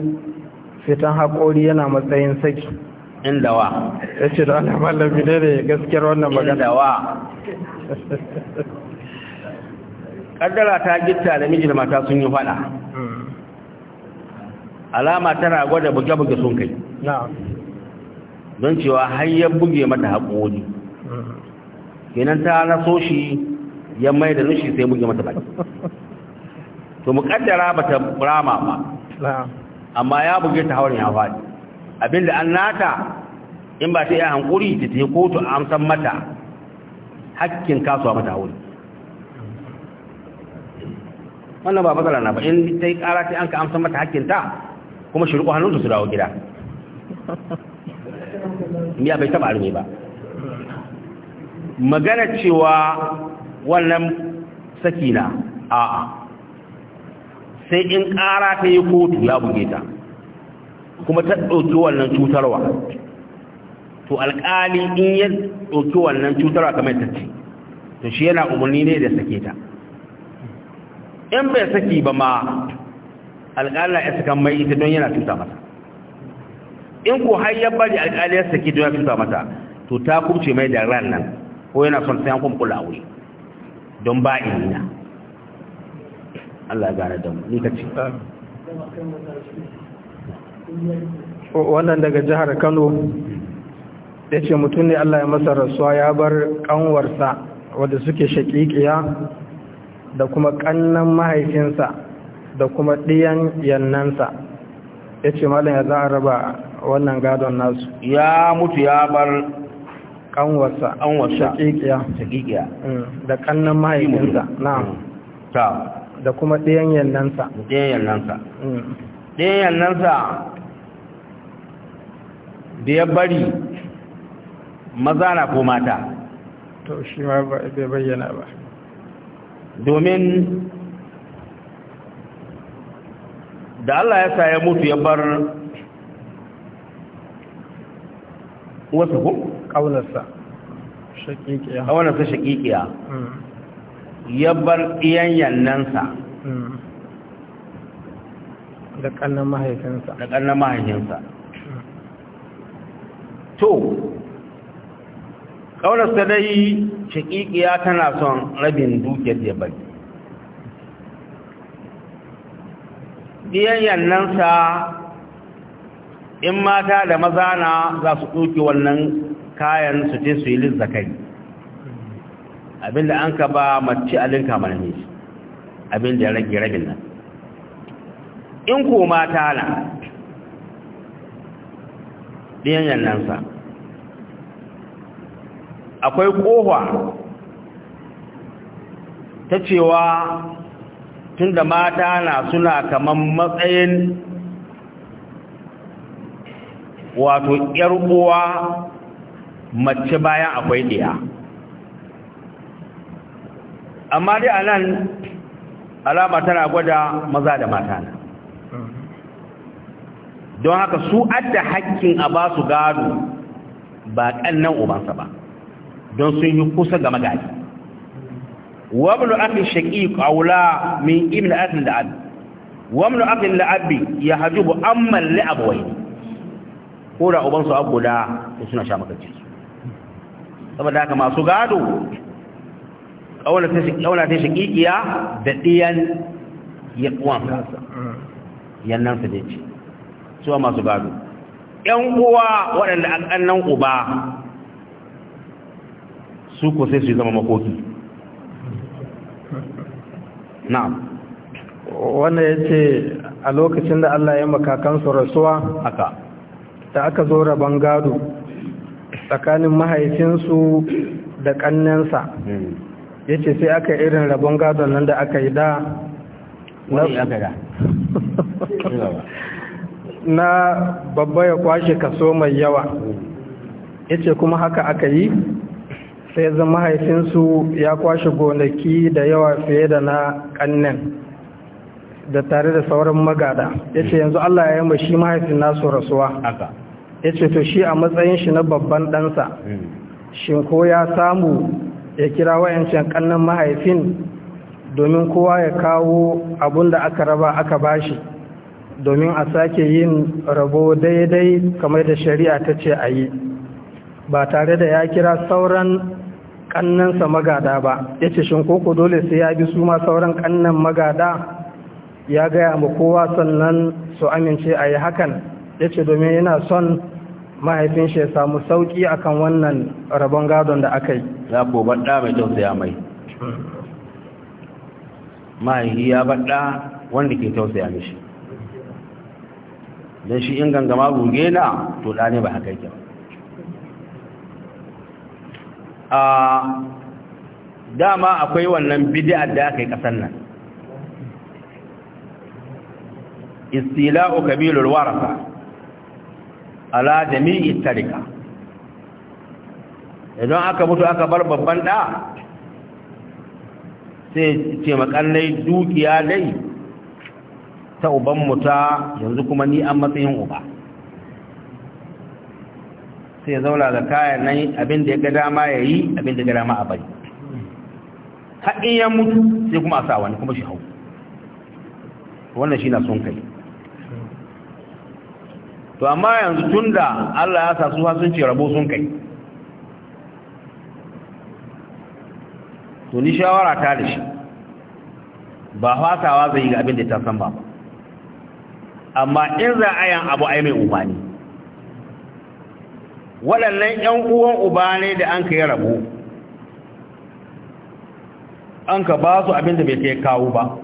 fitan haƙori yana matsayin saki inda wa ya ce da wani malami ne ne gaskiyar wannan magana inda wa ƙaddara ta gitta da miji da mata sun yi fada alama tana gwada buge-buge sun kai don cewa hanyar buge mata haƙoƙi kenan ta raso shi ya mai da nushi sai buge mata baki to muƙaddara ba ta rama ba amma ya buge ta haurin ya fadi. abinda an nata in ba ta yi hankuri ta ta kotu a amsan mata hakkin kasuwa mata wuri wannan ba matsala na ba in ta yi kara ta an ka amsan mata ta, kuma shi riko hannunta su dawo gida miya bai taba arme ba magana cewa wannan sakina a'a sai in kara ta yi kotu ya buge ta kuma ta ɗauki wannan cutarwa to alƙali in ya ɗauki wannan cutarwa kamar ta ce to shi yana umarni ne da sake ta in bai saki ba ma alƙali na ya saka mai ita don yana cuta mata in ko har ya bari alƙali ya saki don yana cuta mata to ta kubce mai da ran nan ko yana son sayan kuma kula wuri don ba ina. Allah ya gane da mu ni ka ce wannan daga jihar kano ya ce mutum ne allah ya masa rasuwa ya bar kanwarsa wadda suke shakikiya da kuma kannan mahaifinsa da kuma ɗiyan yannansa ya ce malin ya za a raba wannan gadon nasu ya mutu ya bar kanwarsa shakikiya mm, da kannan mahaifinsa na da kuma ɗiyan yannansa ɗiyan yannansa mm. da ya bari maza na ko mata to shi ma bai bayyana ba domin da Allah ya sa ya mutu ya bar wasu ku? Kaunarsa shakikiya Kaunarsa shakikiya ya bar ɗiyan yannansa mm. da ƙannan mahaifinsa da ƙannan mahaifinsa to ƙaunarsa dai shaƙiƙiya tana son rabin dukiyar da bari ɗiyayyan nan sa in mata da maza na za su ɗoke wannan kayan su ce su yi lizzakari abinda an ka ba mace alinka mana abinda ya rage rabin nan in ko mata na ɗiyayyan nan sa akwai kofa ta cewa tunda mata na suna kamar matsayin wato ‘yar uwa mace bayan akwai ɗaya, amma dai a nan alama tana gwada maza da mata don haka su adda hakkin a ba su gado ba ƙannan ubansa ba don sun yi kusa ga magadi wabnu akhi shaqiq aula min ibn akhi al-ab wabnu akhi al-ab yahjubu amma li ko da uban su abu da suna sha makarci saboda haka masu gado kaula ta shi kaula ta shaqiqiya da diyan ya kuwan sa yannan su ce su masu gado ƴan uwa waɗanda an nan uba su ko sai su zama makoki na wannan ya ce a lokacin da Allah ya makakansu rasuwa haka da aka zo rabon gado tsakanin mahaifinsu da ƙannensa hmm. ya ce sai aka irin rabon gado nan da aka yi da na babba ya kwashe kaso mai yawa hmm. ya ce kuma haka aka yi sai zan mahaifinsu ya kwashe gonaki da yawa fiye da na kannan da tare da sauran magada ya ce yanzu Allah ya yi shi mahaifin nasu rasuwa ya ce to shi a matsayin shi na babban ɗansa hmm. ko ya samu ya kira wayancin kannan mahaifin domin kowa ya kawo abun da aka raba aka bashi domin a sake yin rabo daidai kamar da shari'a ta ce a yi ba tare da ya kira sauran kannansa magada ba ya ce shinkoko dole sai ya bi su ma sauran kannan magada ya gaya ma kowa sannan su amince a yi hakan ya ce domin yana son mahaifin shi ya samu sauki akan wannan rabon gadon da aka yi ya boban baɗa mai tausaya mai mahaifi ya baɗa wanda ke tausaya mishi don shi in gangama buge na to ɗane ba haka yake a dama akwai wannan bid'a da aka yi ƙasar nan istila'u kabilul warasa ala jami'i tarika idan aka mutu aka bar babban ɗa sai ce makallai dukiya dai ta uban muta yanzu kuma ni an matsayin uba sai ya zauna ga kayan nan abin da ya ga dama ya yi abin da ya ga dama a bari haƙin ya mutu sai kuma a sa wani kuma shi hau wannan shi na son kai to amma yanzu tun da allah ya sa su sun ce rabo sun kai to ni shawara ta da shi ba fasawa zai yi ga abin da ta san ba amma in za a yan abu ai mai umani waɗannan 'yan uwan uba ne da an ka yi rabu an ka ba su abinda bai kai kawo ba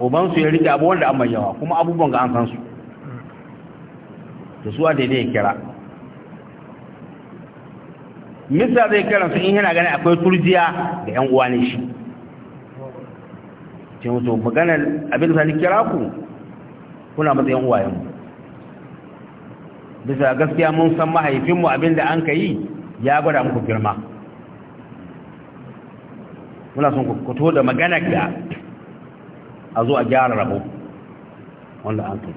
ubansu ya rike abu da an yawa kuma abubuwan ga an san su da su a daidai kira mista zai kira su in yana gani akwai turjiya ga 'yan uwa ne shi ce mutu maganar abin da sani kira ku kuna matsayin uwayenmu bisa gaskiya mun san mahaifinmu abinda an ka yi ya gwada muku girma muna sun kuto da magana ga a zo a gyara rabo wanda an kai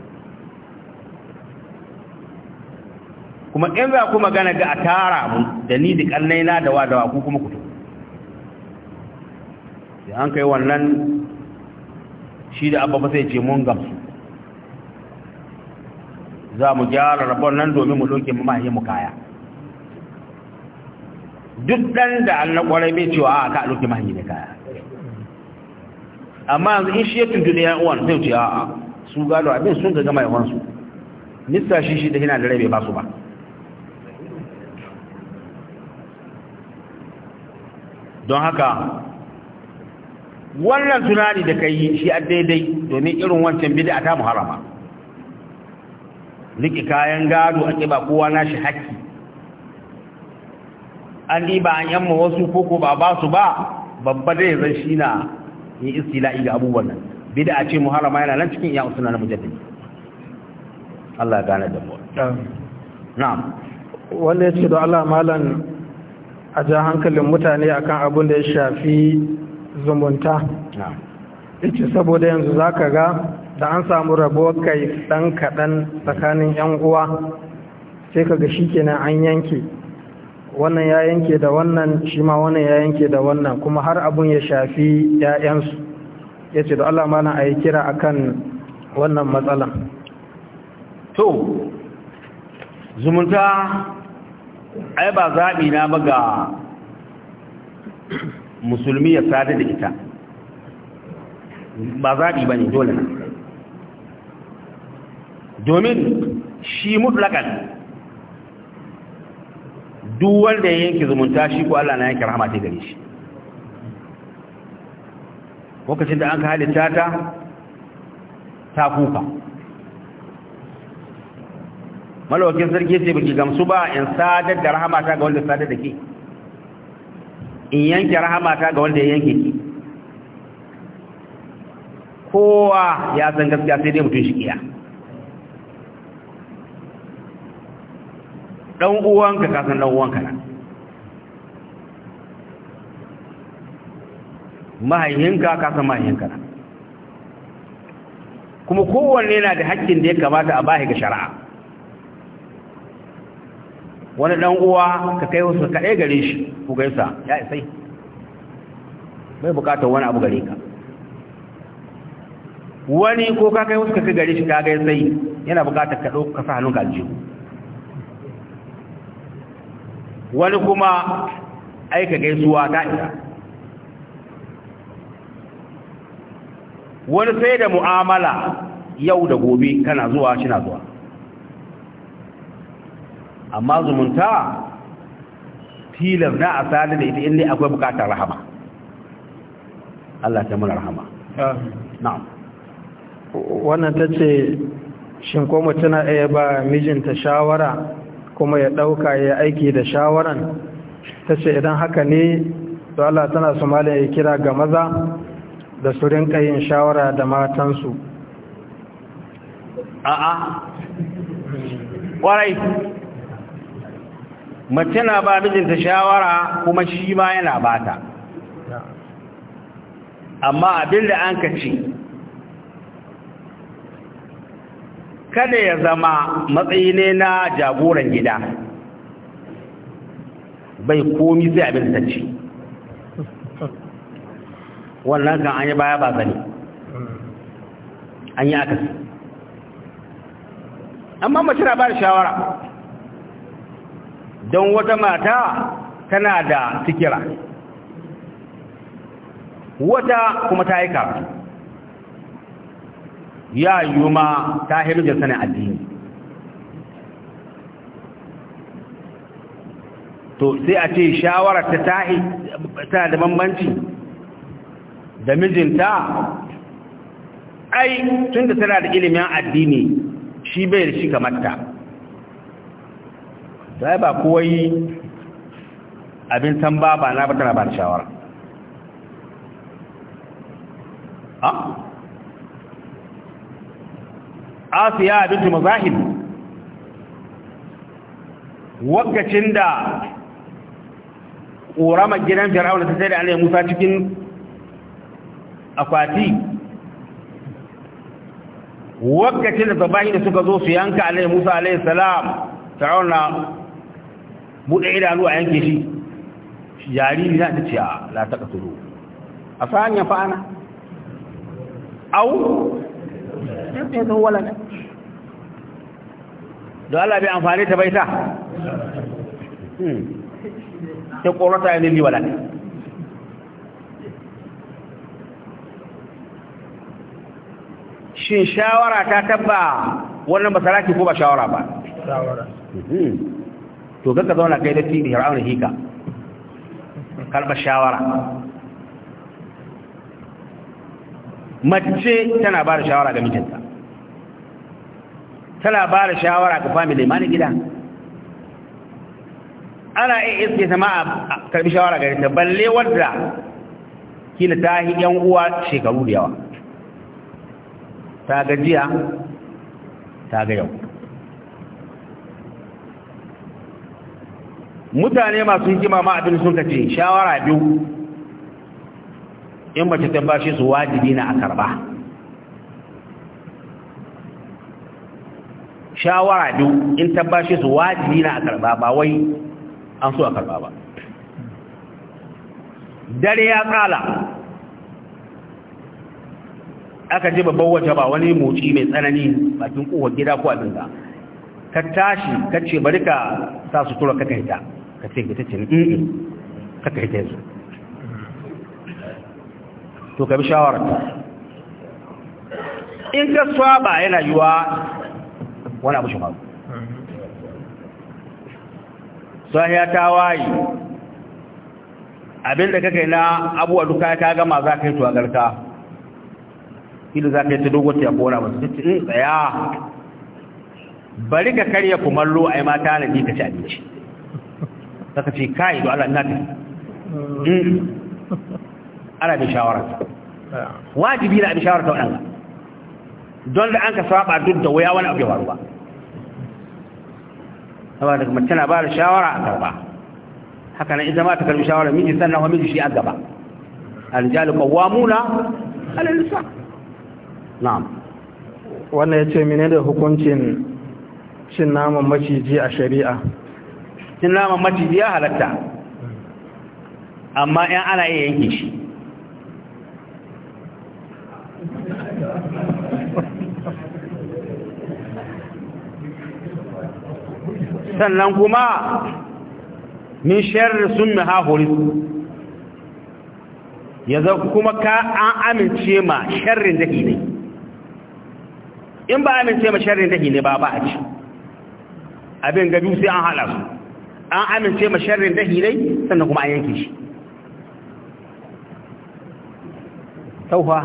kuma in za ku magana ga a tara mu da ni da kannaina da wadawa ku kuma kuto da an kai wannan shi da abba sai ce mun gamsu za mu gyara rabon nan domin mu doke mu mahaye mu kaya duk ɗan da Allah na ƙwarai bai cewa a ka doke mahaye ne kaya amma yanzu in shi ya tuntu da uwan zai ce a su gado abin sun gaga mai wansu nista shi shi da yana da rai bai ba su ba don haka wannan tunani da kai shi a daidai domin irin wancan bida ta muharama rike kayan gado a ba kowa nashi haƙƙi an ba an yamma wasu koko ba ba su ba babba ya zan shi na yi istila'i ga abubuwan nan bida ce muharama yana nan cikin iya usuna na mujaddadi Allah ya gane da mu na'am wanda ce da Allah malan a ja hankalin mutane a kan abin da ya shafi zumunta Ya ce saboda yanzu ka ga da an samu rabo kai ɗan kaɗan tsakanin 'yan uwa sai kaga shi kenan an yanke wannan ya yanke da wannan shi ma wannan ya yanke da wannan kuma har abun ya shafi 'ya'yansu ya ce da Allah mana a yi kira akan wannan matsalan to zumunta ai ba zaɓi na ba ga musulmi ya sadu da ita ba zaɓi ba ne dole na domin shi mutlakan duk wanda ya yanke zumunta shi ko Allah na yanke rahama ta gare shi lokacin da an ka halitta ta ta kuka malawakin sarki ce baki gamsu ba in sadar da rahama ta ga wanda sadar da ke in yanke rahama ta ga wanda ya yanke ki kowa ya san gaskiya sai dai mutum shi kiya dan uwanka ka san dan uwanka na mahaihinka ka san mahaihinka na kuma kowanne na da haƙƙin da ya kamata a bahi ga shari'a wani dan uwa ka kai wasu kaɗai gare shi ku gaisa ya isai bai bukatar wani abu gare ka wani ko ka kai wasu ka kai gare shi ka gaisai yana bukatar ka ɗauka sa hannun ka aljihu wani kuma aika gaisuwa ta isa wani sai da mu'amala yau da gobe kana zuwa shi na zuwa amma zumunta tilar na a sadu da ita inda akwai bukatar rahama Allah ta mana rahama na'am wannan ta ce shin ko tana iya ba mijinta shawara kuma ya ɗauka ya aiki da shawaran ta ce idan haka ne to Allah tana su ya kira ga maza da su rinka yin shawara da matansu a'a ƙwarai mace na ba mijinta shawara kuma shi ma yana bata amma da an ka ce kada ya zama matsayi ne na jagoran gida bai komi sai abin ta ce. wannan kan an yi baya ba zane an yi su amma mace na ba da shawara don wata mata tana da sikira wata kuma ta yi karatu ya yi ma ta da sanin addini to sai a ce shawarar ta tahi tana da bambanci da mijinta ai tun da tana da ilimin addini shi bai da shi kamata sai ba kowai abin san ba ba na ba tana ba da shawara ah? asiya bintu mazahib wakacin da ƙorama gidan fir'auna ta sai da annabi Musa cikin akwati wakacin da zabahi da suka zo su yanka annabi Musa Alayhi salam fir'auna bude idanu a yanke shi jariri na ta ciya, ah, la ta kasuru a sanya fa'ana au yadda ya wala ne don Allah bai amfani ta bai hmm. ta ta ƙorata ya nili wala shin shawara ta tabba wannan ba saraki ko ba shawara ba shawara hmm. to ka zauna kai da fi har aure hika kalmar shawara mace tana ba da shawara ga mijinta tana ba da shawara ga family ma na gida ana iya iske sama a karbi shawara ga ta balle wadda kila ta yi yan uwa shekaru da yawa ta gajiya ta ga yau mutane masu hikima ma abin sun kace shawara biyu in mace ta bashi su wajibi na a karba shawara biyu in tabbashi su wajibi na a karba ba wai an so a karba ba dare ya kala aka ji babban waje ba wani motsi mai tsanani bakin kowar gida ko abin da ka tashi ka ce bari ka sa su tura ka kaita ka ce ka ce ni ka kaita yanzu to ka bi ta. in ka saba yana yiwa wani abu shi faru sahiya ta waye abinda kakai na abuwa duka kaga gama za ka yi tuwa garka ilu za ka yi ta dogon ta kora ba su ce eh, tsaya bari ka karya kumallo a yi mata na ji ka ci abinci saka ce kai da Allah ina ta hmm. ana bin shawara wajibi na da shawara ta waɗanda don da an ka saba duk da waya wani abu ya faru ba saboda mace na ba da shawara a karba haka nan ita ma ta karbi shawara miji sannan wa miji shi a gaba aljalu qawwamuna ala nisa na'am wannan yace da hukuncin cin naman maciji a shari'a cin naman maciji ya halatta amma in ana iya yanke shi sannan kuma min sharri sun maha yanzu kuma ka an amince ma sharrin dahi ne in ba amince ma sharrin dahi ne ba ba a ci abin gabi sai an hala su an amince ma sharrin dahi ne sannan kuma an yanke shi taufa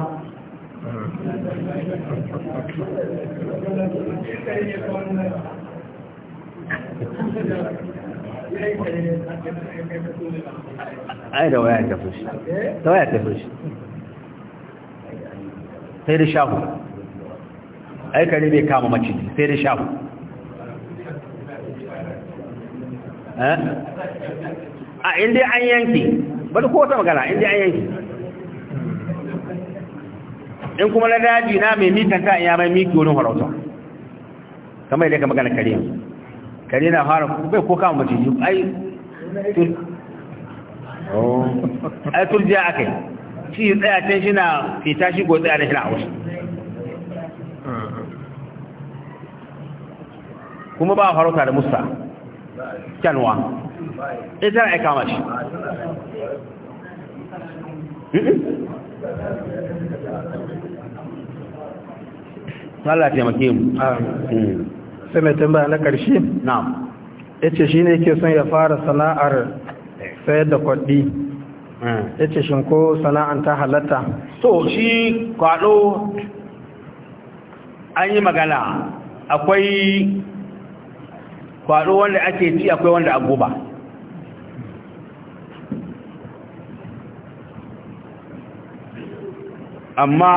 Thank you. ai da waya ta fushi ta waya ta fushi sai da shahu ai kare bai kama maciji sai da shahu eh? a inda an yanki bari ko ta magana inda an yanki in kuma na daji na mai mitanta ya mai miki wurin harauta kamar yadda ka magana kare yanzu kare na fara bai ko kama mace yi ai ai turjiya aka yi shi tsaya can shi na fita shi ko tsaya da shi na kuma ba a farauta da musta kyanwa ita eh, na aika mashi Allah taimake mu. Amin. Mm. sai mai tambaya na ƙarshe na'am shi ne ke son ya fara sana'ar sayar da kwaɗi eh. ce shi ko sana'ar ta halatta to shi kwaɗo an yi magana akwai kwaɗo wanda ake ci akwai wanda agoba amma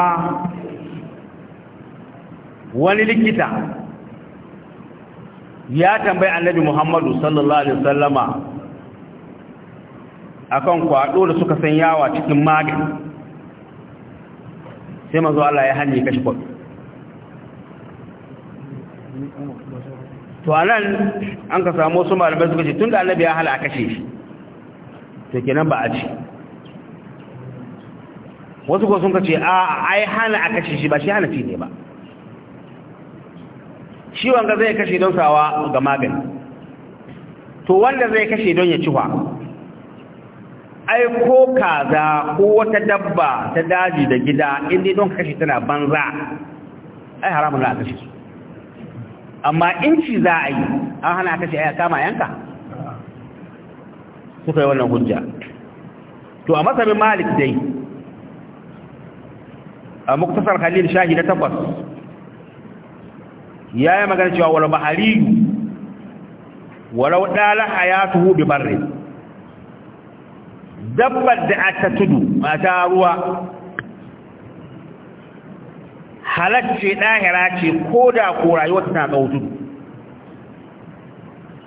wani likita ya tambayi annabi muhammadu sallallahu alaihi wasallama akan kwado da suka san yawa cikin magani sai manzo Allah ya hanye kashi kwado to anan an ka samu wasu malamai suka ce tunda annabi ya hala kashe shi to kenan ba a ci wasu ko sun ka ce a ai hana a kashe shi ba shi hana fi ne ba ciwon ga zai kashe don sawa ga magani to wanda zai kashe don ya ciwa ai ko kaza ko wata dabba ta daji da gida inda don kashe tana banza ai haramun za a kashe su amma in ci za a yi an hana kashe ai kama yanka suka yi wannan hujja to a masamin malik dai a muktasar khalil shahi na takwas. ya yi magana cewa wal bahariyu walau ya tuhu bi barri dabbar da ata tudu mata ruwa halacce ɗahira ce ko da ko rayuwar ta tsawo tudu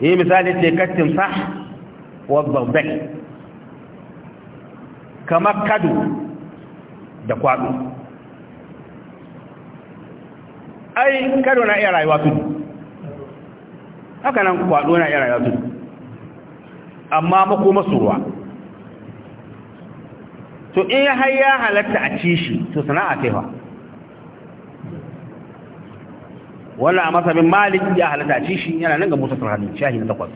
yi misali ce kattin sa wa bai kamar kado da kwaɗo ai karo na iya rayuwa tudu haka nan kwado na iya rayuwa tudu amma makoma suruwa. to in har ya halatta a ci shi to sana'a taifa wannan a masabin malik ya halatta a ci shi yana nan ga musa turhani shahi na takwas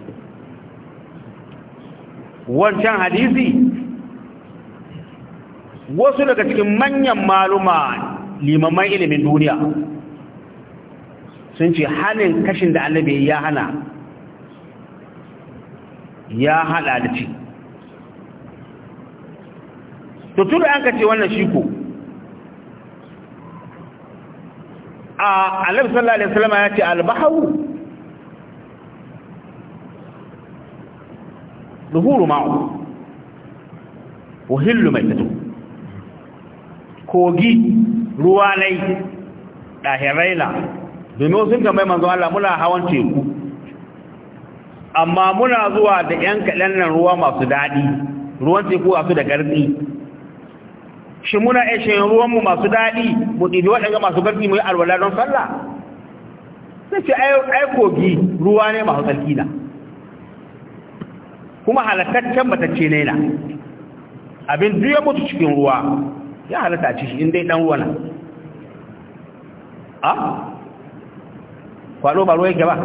wancan hadisi wasu daga cikin manyan maluma limaman ilimin duniya sun ce hanin kashin da annabi ya hana ya hada da ci to tun da an ka ce wannan shi ko a annabi sallallahu alaihi wasallam ya ce al-bahru duhuru ma'u wahillu mai tato kogi ruwanai, nai domin sun tambayi manzo Allah muna hawan teku amma muna zuwa da ƴan kaɗan nan ruwa masu daɗi ruwan teku a su da ƙarfi shi muna ishe ruwanmu masu daɗi mu ɗibi waɗanda masu ƙarfi mu yi alwala don sallah sai ce ai kogi ruwa ne masu tsarki na kuma halattaccen batacce ne na abin duk ya mutu cikin ruwa ya halatta ci shi in dai ɗan ruwa na a ah? kwado ba ruwa yake ba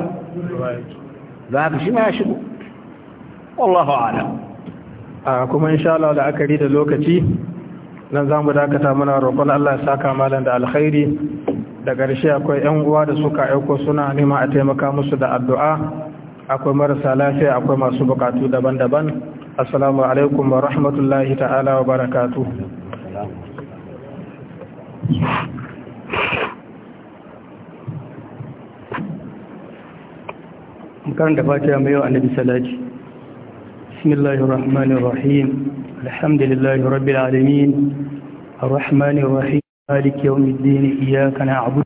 za ka shi ma a kuma insha Allah da akari da lokaci nan zamu dakata muna roƙon Allah ya saka malan da alkhairi da ƙarshe akwai ƴan uwa da suka aiko suna nema a taimaka musu da addu'a akwai marasa lafiya akwai masu bukatu daban-daban assalamu alaikum wa rahmatullahi ta'ala wa barakatuh da fatiha mai yawa annabi salati bismillahir rahmanir rahim alhamdulillahi rabbil alamin arrahmanir rahim maliki yawmiddin iyyaka na'budu